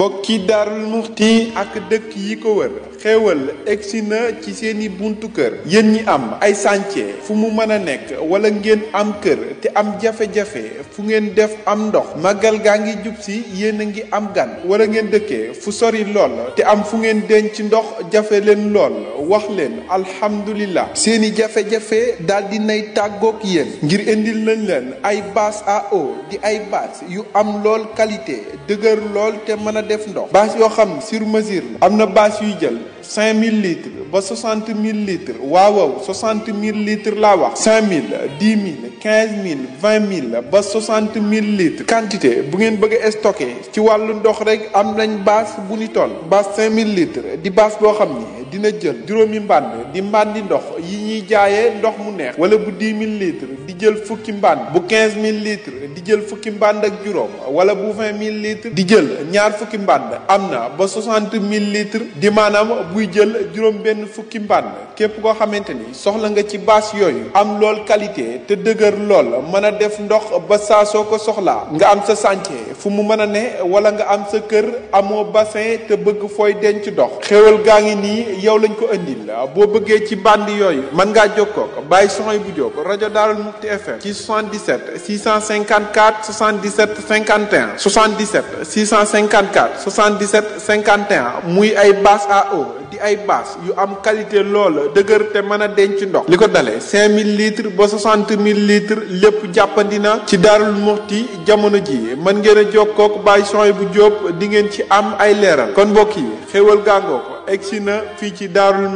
mbokki daarul muxti ak dëkk yi ko wër xéewal egsi na ci seeni buntu kër yéen ñi am ay sànce fu mu mën a nekk wala ngeen am kër te am jafe-jafe fu ngeen def am ndox màggal gaa ngi jub si yéen a ngi am gan wala ngeen dëkkee fu sori lool te am fu ngeen denc ndox jafe leen lool wax leen alhamdulillah seeni jafe-jafe daal di nay tàggook yéen ngir indil lañ leen ay basse à eau di ay basse yu am lool qualité dëgër lool te mën a def ndox bâche yoo xam sur mesure la am na bâche 5000 litres ba 60000 litres waaw waaw 60000 litres laa 5000 10000 15000 20000 ba 60000 litres quantité bu ngeen bëgg stocké ci vous ndox rek am nañ basse bu ni 5000 litres di dina jël juróomi mbànd di mbàndi ndox yi ñuy jaayee ndox mu neex wala bu dix mille litre di jël fukki mbànd bu quinze mille litre di jël fukki mbànd ak juróom wala bu vingt mille litres di jël ñaar fukki mbànd am na ba soixante mille litre di maanaam buy jël juróom benn fukki mbànd képp koo xamante ni soxla nga ci bâche yooyu am lool qualité te dëgër lool mën a def ndox ba saa soo ko soxla nga am sa chantier fu mu mën a ne wala nga am sa kër amoo bassin te bëgg fooy denc ndox xéwal gaa ngi nii yow lañ ko indil ah, boo bëggee ci band yooyu mën ngaa jokkoo ak Baye Soxna bu Diop rajo Daarul Mukti FM ci 77 654 77 51 77 654 77 51 muy ay basse a eau di ay basse yu am qualité loola dëgër te mën a denc ndox li ko dalee 5000 litres ba mille litres lépp jàppandi na ci Daarul Mukti jamono ji mën ngeen a jokkoo ak Baye Soxna bu Diop di ngeen ci am ay leeral kon mbokk yi xéwal gàngoo egsi fii ci Daarul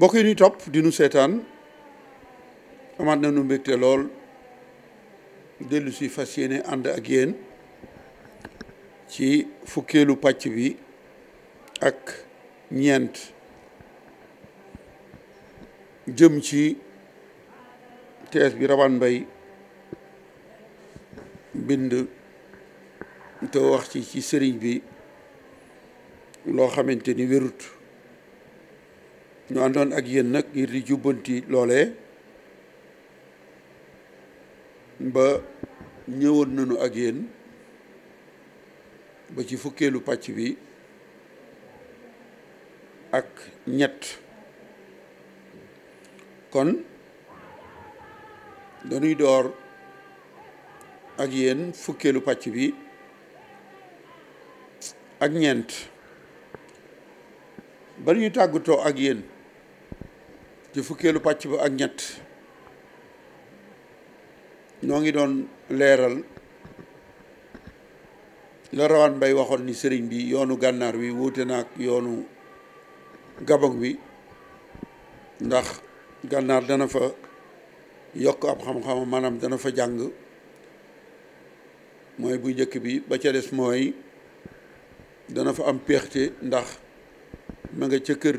Muxti topp di nu seetaan amaat na nu mbégte lool dellusi fas yéene ànd ak yéen ci fukkeelu pàcc bi ak ñeent jëm ci tees bi Rawane mbay bind te wax ci ci sëriñ bi loo xamante ni wérut ñu àndoon ak yéen nag ngir di jubbanti loolee ba ñëwoon nañu ak yéen ba ci fukkeelu pàcc bi ak ñett kon dañuy door ak yéen fukkeelu pàcc bi ak ñeent ba ñuy tàggatoo ak yéen ci fukkeelu pàcc bi ak ñett ñoo ngi doon leeral la rawaan bay waxoon ni sëriñ bi yoonu gànnaar wi wuute naag yoonu gabon wi ndax gànnaar dana fa yokk ab xam-xam maanaam dana fa jàng mooy bu njëkk bi ba ca des mooy dana fa am péexte ndax ma nga ca kër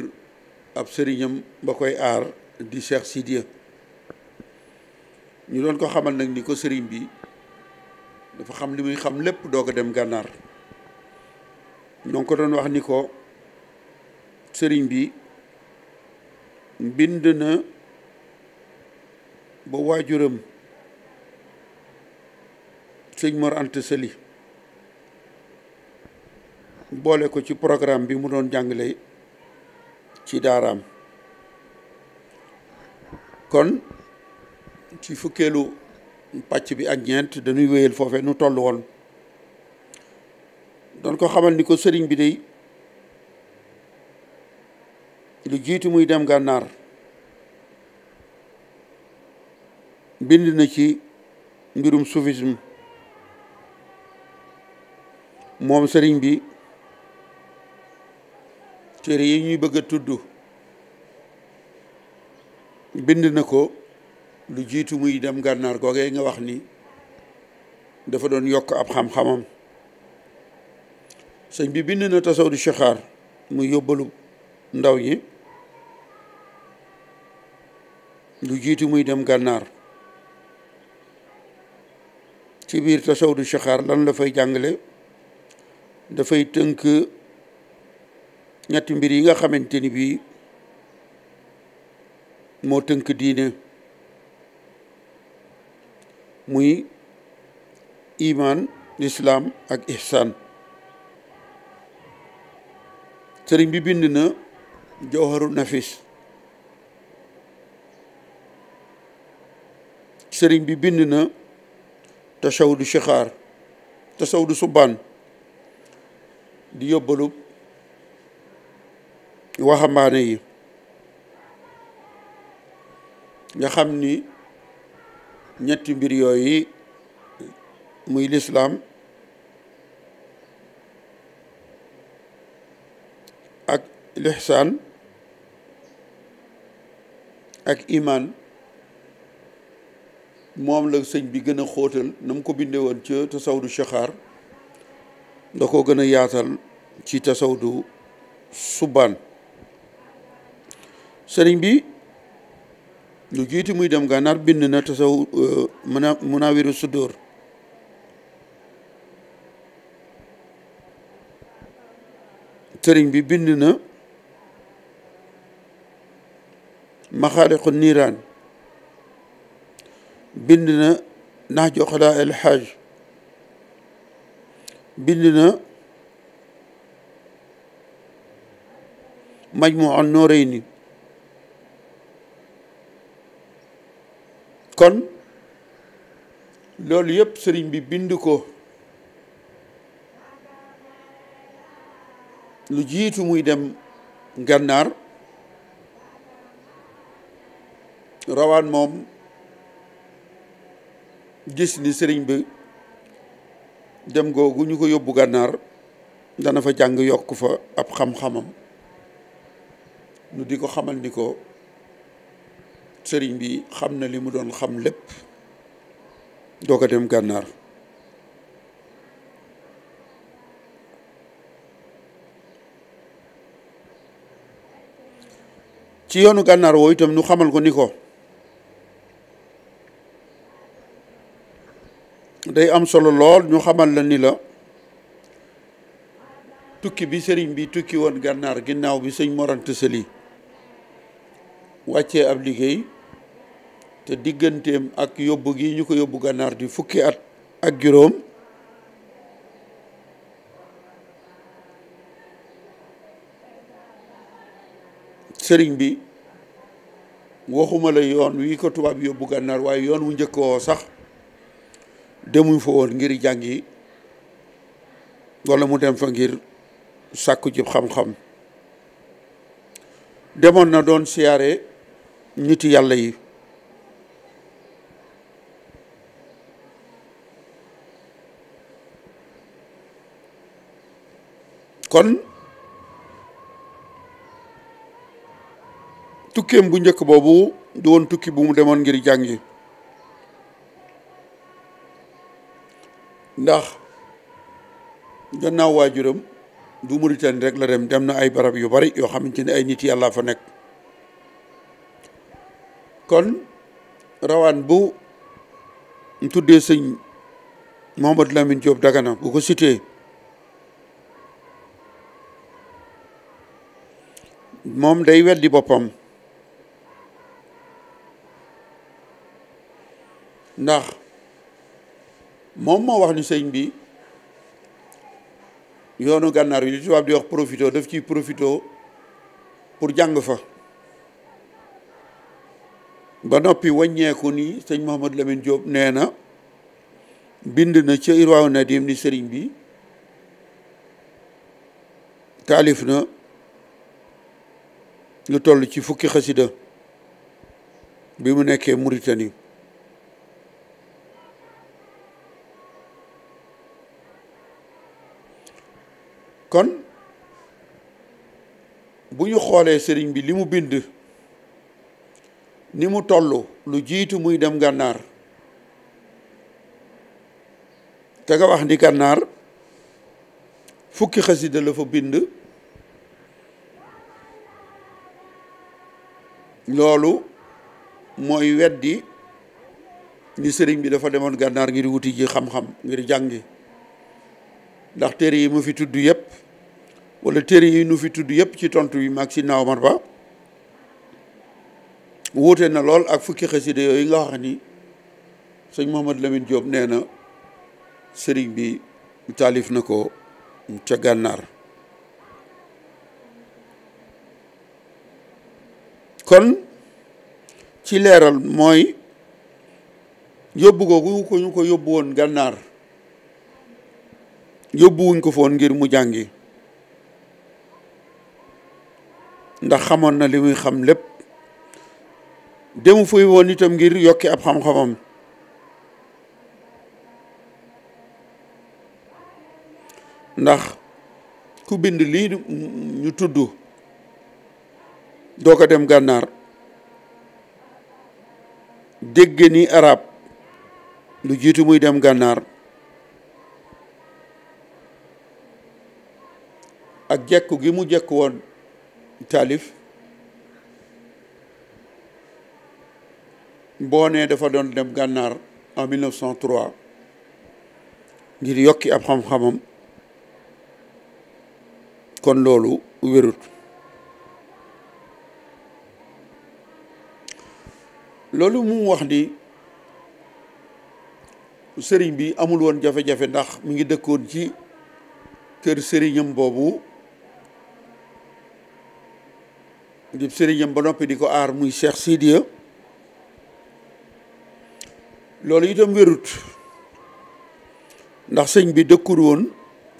ab sëriñam ba koy aar di Cheikh Sidiya ñu doon ko xamal nag ni ko sëriñ bi dafa xam li muy xam lépp doog a dem gànnaar ñoo ko doon wax ni ko sëriñ bi mbind na ba waajuram sëñ Mor Anta Sali boole ko ci programme bi mu doon jàngale ci daaraam kon ci fukkeelu pàcc bi ak ñeent dañuy wéyal foofe nu toll woon doon ko xamal ni ko sëriñ bi day lu jiitu muy dem gànnaar bind na ci mbirum soufisme moom sëriñ bi téere yi ñuy bëgg a tudd bind na ko lu jiitu muy dem gànnaar googee nga wax ni dafa doon yokk ab xam-xamam sëñ bi bind na tasaw di chixaar muy yóbbalu ndaw ñi lu jiitu muy dem gànnaar ci biir tasaw du chixaar lan la fay jàngale dafay tënk ñetti mbir yi nga xamante ni bii moo tënk diine muy imaan lislaam ak ihsaan sëriñ bi bind na jawharu nafis sëriñ bi bind na tasawudu shixaar tasawudu subaan di yóbbalu waxambaane yi nga xam ni ñetti mbir yooyu muy lislaam ak lixsaan ak imaan moom la sëñ bi gën a xóotal na mu ko bindee woon ca tasawdu shaxaar da ko gën a yaatal ci tasawdu subaan sëriñ bi lu jiitu muy dem gànnaar bind na tasaw euh, muna munaawiru sudóor sëriñ bi bind na maxaaliqu niiraan bind na naxju xalaa el xaaj bind na majmuu an nooreyni kon loolu yëpp sëriñ bi bind ko lu jiitu muy dem gànnaar rawaan moom gis ni sëriñ bi dem googu ñu ko yóbbu gànnaar dana fa jàng yokk fa ab xam-xamam nu di ko xamal ni ko sëriñ bi xam na li mu doon xam lépp doo ko dem gànnaar ci yoonu gànnaar woo itam nu xamal ko ni ko day am solo lool ñu xamal la ni la tukki bi sëriñ bi tukki woon gànnaar ginnaaw bi sëñ Mor Anta Sali wàccee ab liggéey te digganteem ak yóbbu gi ñu ko yóbbu gànnaar di fukki at ak juróom sëriñ bi waxuma la yoon wi ko tubaab yóbbu gànnaar waaye yoon wu njëkk woo sax demuñ fa woon ngir jàngi walla mu dem fa ngir sàkku ci xam-xam demoon na doon siyaare niti yàlla yi kon tukkeem bu njëkk boobu du tukki bu mu demoon ngir jàngi ndax gannaaw waajuram du Mauritanie rek la dem dem na ay barab yu bari yoo xamante ne ay nit yàlla fa nekk kon rawaan bu mu tuddee sëñ Mouhamadou Lamine Diop Dagana bu ko cité moom day weddi boppam ndax moom moo wax ni sëñ bi yoonu gànnaar yi li tubaab di wax profito daf ciy profito pour jàng fa ba noppi wàññeeku ni sëñ Mouhamadou Lamine Diop nee na bind na ca ni sëriñ bi taalif na lu tollu ci fukki xasida bi mu nekkee Mauritanie kon bu ñu xoolee sëriñ bi li mu bind ni mu tollu lu jiitu muy dem gànnaar te nga wax ni gànnaar fukki xasida la fa bind loolu mooy weddi ni sëriñ bi dafa demoon gànnaar ngir wuti ji xam-xam ngir jàngi ndax téere yi mu fi tudd yëpp wala téere yi nu fi tudd yëpp ci tontu bi mag ci naaw mar ba wuute na lool ak fukki xasida yooyu nga wax ni sëñ Mouhamad Lamine Diop nee na sëriñ bi taalif na ko ca gànnaar kon ci leeral mooy yóbbu ko ñu ko yóbbu woon gànnaar yóbbuwuñ ko foon ngir mu jàngi ndax xamoon na li muy xam lépp demu fuy woon itam ngir yokki ab xam-xamam ndax ku bind lii ñu tudd doo ko dem gànnaar dégg ni arab lu jiitu muy dem gànnaar ak jekku gi mu jekk woon taalif boo nee dafa doon dem gànnaar en ngir yokki am xam-xamam kon loolu wérut loolu mu wax ni sëriñ bi amul woon jafe-jafe ndax mu ngi dëkkoon ci kër sëriñam boobu di sëriñam ba noppi di ko aar muy Cheikh Sidiya loolu itam wérut ndax sëñ bi dëkkul woon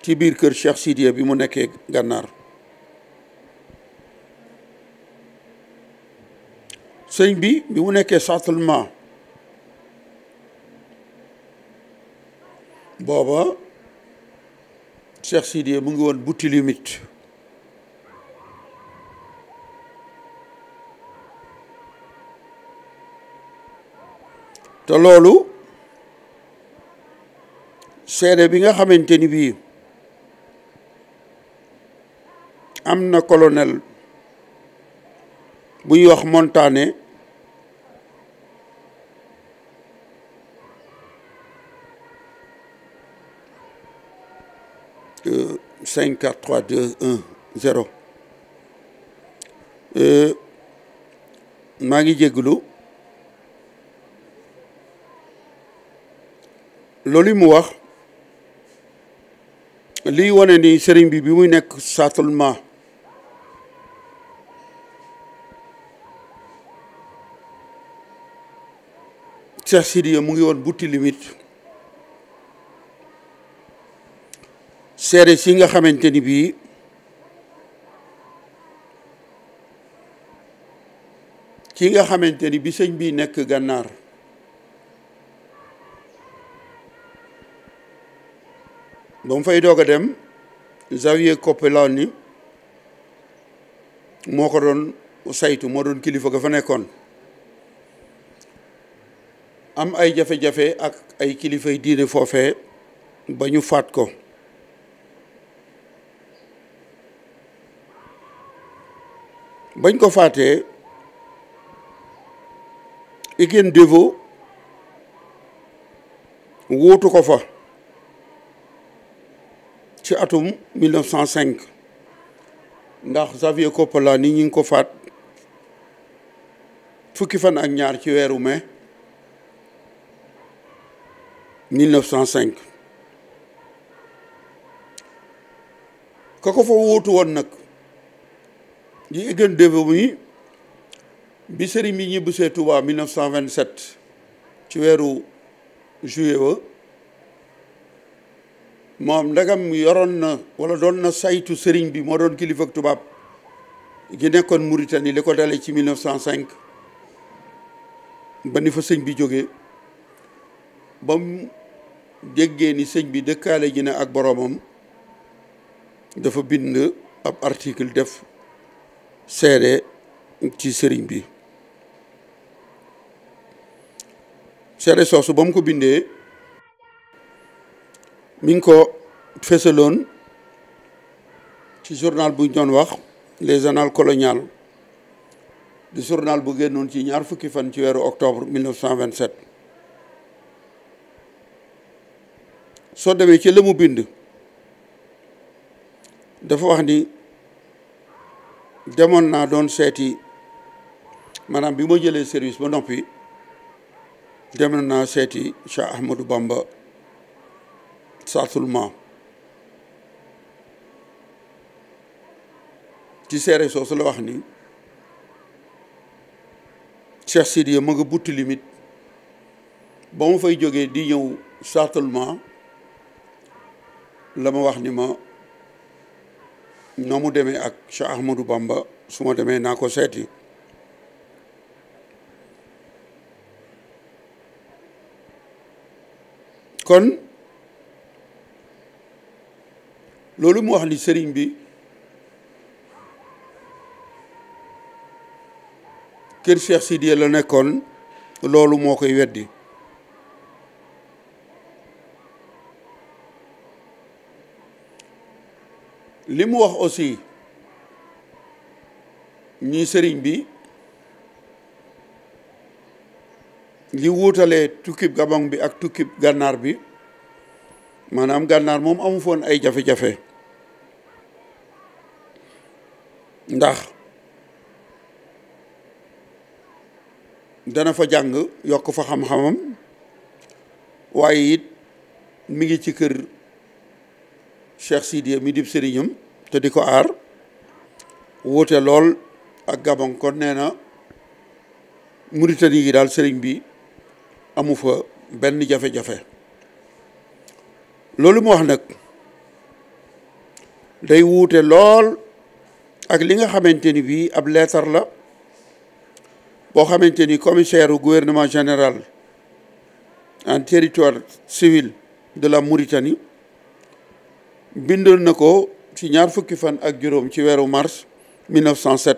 ci biir kër Cheikh Sidiya bi mu nekkee gànnaar sëñ bi bi mu nekkee châtellement booba Cheikh Sidiye mu ngi woon butti limite te loolu seede bi nga xamante ni bii am na colonel bu ñuy wax Montané 5 4 3 2 1 0 maa ngi jégalu loolu mu wax liy wane ni sëriñ bi bi muy nekk saatulma Cheikh Sidiya mu ngi woon butti limite seere si nga xamante ni bii ki nga xamante ni bi sëñ bi nekk gànnaar ba mu fay doog a dem Xavier Coppelani moo ko doon saytu moo doon kilifa ga fa nekkoon am ay jafe-jafe ak ay kilifay diine foofe ba ñu faat ko bañ ko faatee Etienne Deveau wuutu ko fa ci atum 1905 ndax Xavier Coppola ni ñu ngi ko faat fukki fan ak ñaar ci weeru mai 1905 ka ko fa wuutu woon nag di gën développé bi sëriñ bi ñibbisee Touba 1927 ci juillet ndagam yoroon wala saytu bi moo doon kilifa ak gi nekkoon Mauritanie li ko ci 1905 fa bi ni bi ak ab article def seede ci sëriñ bi seede soosu ba mu ko bindee mi ngi ko fesaloon ci journal bu ñu wax les annales coloniales di journal bu génnoon ci ñaar fukki fan ci weeru octobre 1927 soo demee ci la mu bind dafa wax ni demoon naa doon seeti maanaam bi ma jëlee service ba noppi demoon naa seeti Cheikh Ahmadou Bamba Sassoulma ci seere soosu la wax ni Cheikh Sidiya ma nga butti limit ba ma fay jógee di ñëw Sassoulma la ma wax ni ma noo mu demee ak Cheikh Ahmadou Bamba su ma demee naa ko seeti kon loolu mu wax ni sëriñ bi kër Cheikh Sidiya la nekkoon loolu moo koy weddi li mu wax aussi ñi sëriñ bi li wuutalee tukkib gabon bi ak tukkib gànnaar bi maanaam gànnaar moom amu foon ay jafe-jafe ndax dana fa jàng yokk fa xam-xamam waaye it mu ngi ci kër Cheikh Sidiya mi dib sëriñam te diko ar wote lol ak Gabon kon neena Mauritanie yi dal sëriñ bi amu fa ben jafe-jafe lolou mo wax nak day wuute lol ak li nga xamanteni bi ab lettre la bo xamanteni commissaire au gouvernement général en territoire civil de la Mauritanie bindoon na ko ci ñaar fukki fan ak juróom ci weeru mars 1907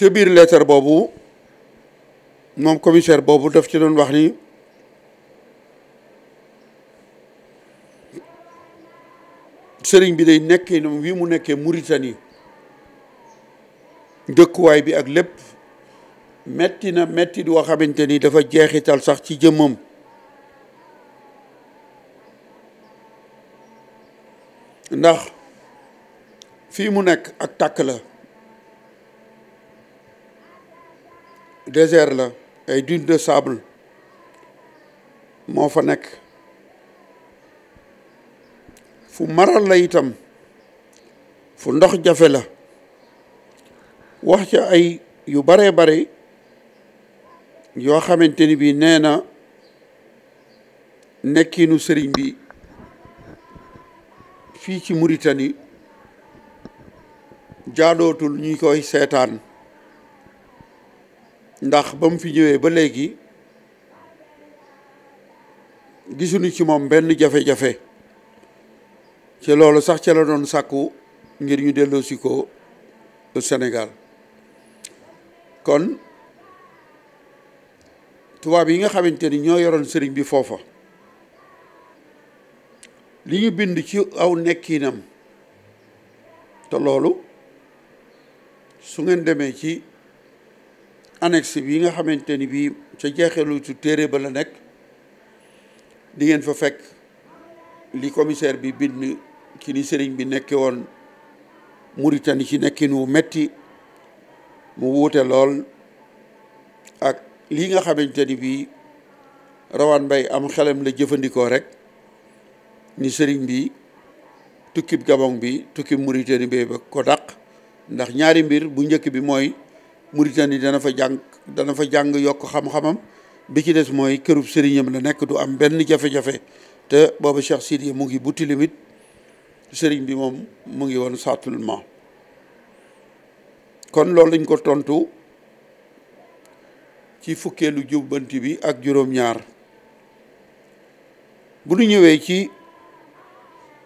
ca biir leetar boobu moom commissaire boobu daf ci doon wax ni sëriñ bi dey nekkee noonu wi mu nekkee Mauritanie dëkkuwaay bi ak lépp metti na metti doo xamante ni dafa jeexital sax ci jëmmam ndax fii mu nekk ak tàkk la désert la ay dune de sable moo fa nekk fu maral la itam fu ndox jafe la wax ca ay yu baree bare yoo xamante ni bi nee na nekkiinu sëriñ bi fii ci Mauritanie jaadootul ñu koy seetaan ndax ba mu fi ñëwee ba léegi gisuñu ci moom benn jafe-jafe ci loolu sax ca la doon sàkku ngir ñu delloosi ko senegal kon tubaab yi nga xamante ni ñoo yoroon sëriñ bi foofa li ñu bind ci aw nekkiinam te loolu su ngeen demee ci annexe bi nga xamante ni bii ca jeexelu su téere ba la nekk di ngeen fa fekk li commissaire bi bind ci ni sëriñ bi nekke woon Mauritanie ci nekkin wu metti mu wuute lool ak lii nga xamante ni bii rawaan mbay am xelam la jëfandikoo rek ni sëriñ bi tukkib Gabon bi tukkib Mauritanie bi ba ko dàq ndax ñaari mbir bu njëkk bi mooy Mauritanie dana fa jàng dana fa jàng yokk xam-xamam bi ci des mooy kërub sëriñam la nekk du am benn jafe-jafe te booba Cheikh Sidiya mu ngi butti limit sëriñ bi moom mu ngi woon saatulment kon loolu lañ ko tontu ci fukkeelu jubbanti bi ak juróom-ñaar bu ñu ñëwee ci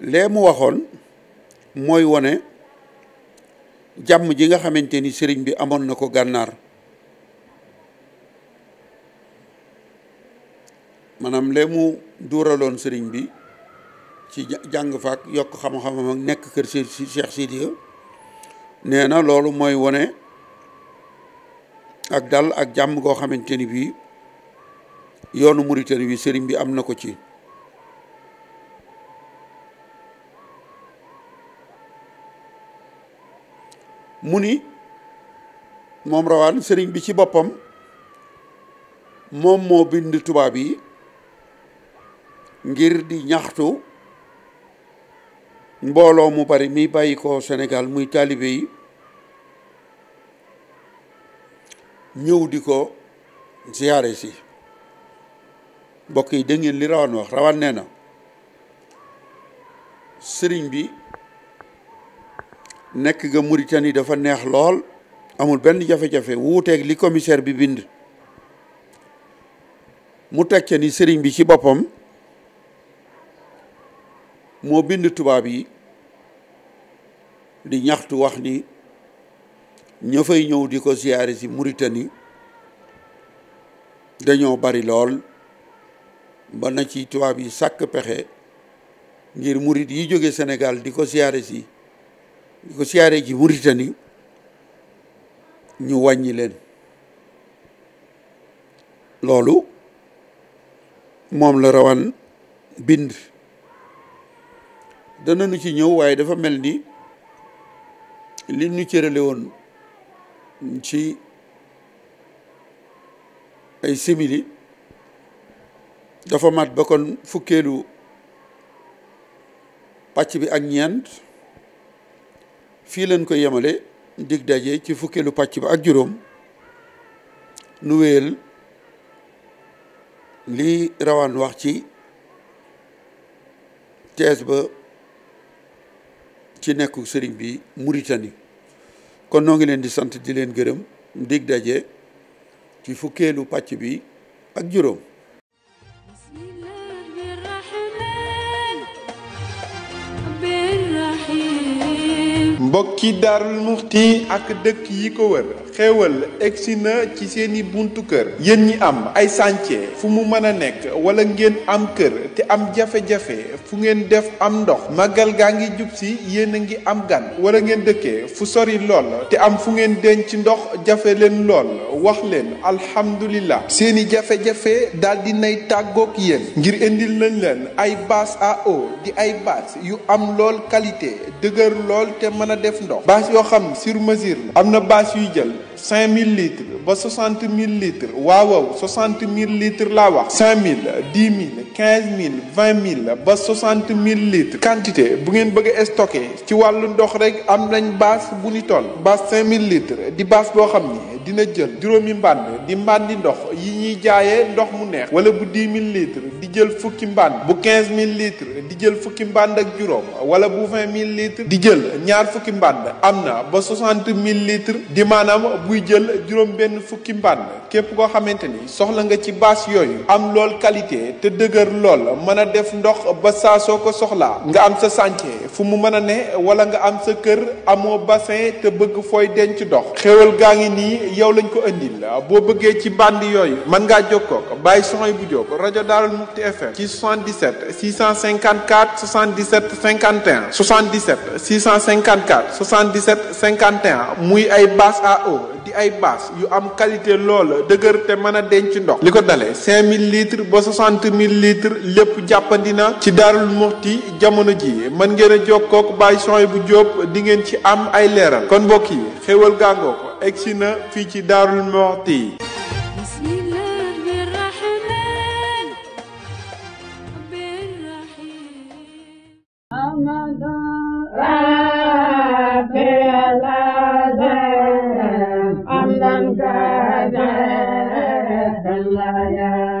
lee mu waxoon mooy wone jàmm ji nga xamante ni sëriñ bi amoon na ko gànnaar maanaam lee mu duuraloon sëriñ bi ci jàng faak yokk xam-xamam nekk kër si Cheikh Sidiya nee na loolu mooy wone ak dal ak jàmm goo xamante ni bii yoonu Mauritanie bi sëriñ bi am na ko ci mu ni moom rawaan sëriñ bi ci boppam moom moo bind tubaab yi ngir di ñaxtu mbooloo mu bari mi bàyyi ko Sénégal muy taalibe yi ñëw di ko ziyaare si mbokk yi dégg li rawaan wax rawaan nee na sëriñ bi nekk ga Mauritanie dafa neex lool amul benn jafe-jafe wuuteeg li commissaire bi bind mu teg ni sëriñ bi ci boppam moo bind tubaab yi di ñaxtu wax ni ña fay ñëw di ko ziyaare si Mauritanie dañoo bari lool ba na ci tubaab yi sàkk pexe ngir murit yi jóge Sénégal di ko ziyaare si ñu ko siyaaree ci Mauritanie ñu wàññi leen loolu moom la rawan bind danañu ci ñëw waaye dafa mel ni li ñu cërale woon ci ay simili dafa mat ba kon fukkeelu pàcc bi ak ñeent fii leen ko yemale dig daje ci fukkeelu pàcc ba ak juróom nu wéyal lii rawaan wax ci tees ba ci nekku sëriñ bi Mauritanie kon noo ngi leen di sant di leen gërëm dig daje ci fukkeelu pàcc bi ak juróom mbokki daarul muxti ak dëkk yi ko wër xéewal egsi na ci seeni buntu kër yéen ñi am ay sànce fu mu mën a nekk wala ngeen am kër te am jafe-jafe fu ngeen def am ndox màggal gaa ngi jub si yéen a ngi am gan wala ngeen dëkkee fu sori lool te am fu ngeen denc ndox jafe leen lool wax leen alhamdulillah seeni jafe-jafe daal di nay tàggook yéen ngir indil nañ leen ay bâche à eau di ay bâche yu am lool qualité dëgër lool te mën a def ndox bâche yoo xam sur mesure la am na bâche yuy jël cinq mille litres ba soixante mille litres waaw waaw soixante mille laa wax cinq mille dix mille quinze mille vingt mille ba soixante mille litres quantité bu ngeen bëgg a stocké ci wàllu ndox rek am nañ bâche bu ñu toll bâche cinq mille litres di bâche boo xam ni dina jël juróomi mbànd di mbàndi ndox yi ñuy jaayee ndox mu neex wala bu dix mille litres di jël fukki mbànd bu quinze mille litre di jël fukki mbànd ak juróom wala bu vingt mille litres di jël ñaar fukki mbànd am na ba soixante mille litre di maanaam buy jël juróom benn fukki mbànd képp koo xamante ni soxla nga ci bâche yooyu am lool qualité te dëgër lool mën a def ndox ba saa soo ko soxla nga am sa chantier fu mu mën a ne wala nga am sa kër amoo bassin te bëgg fooy denc ndox xéwal gaa ngi nii yow lañ ko indil ah, boo bëggee ci bandi yooyu mën ngaa jokkoo ak Baye Soxna bu Diop rajo Daarul Mufti FM ci 77 654 77 51 77 654 77 51 muy ay basse a eau di ay basse yu am qualité lool dëgër te mën a denc ndox li ko dalee mille litres ba 60 000 litres lépp jàppandi na ci Daarul Mufti jamono ji mën ngeen a jokkoo ak Baye Soxna bu Diop di ngeen ci am ay leeral kon mbokk yi xéwal gàngoo ko egsi na fii ci Daarul Muxti Alhamdulillah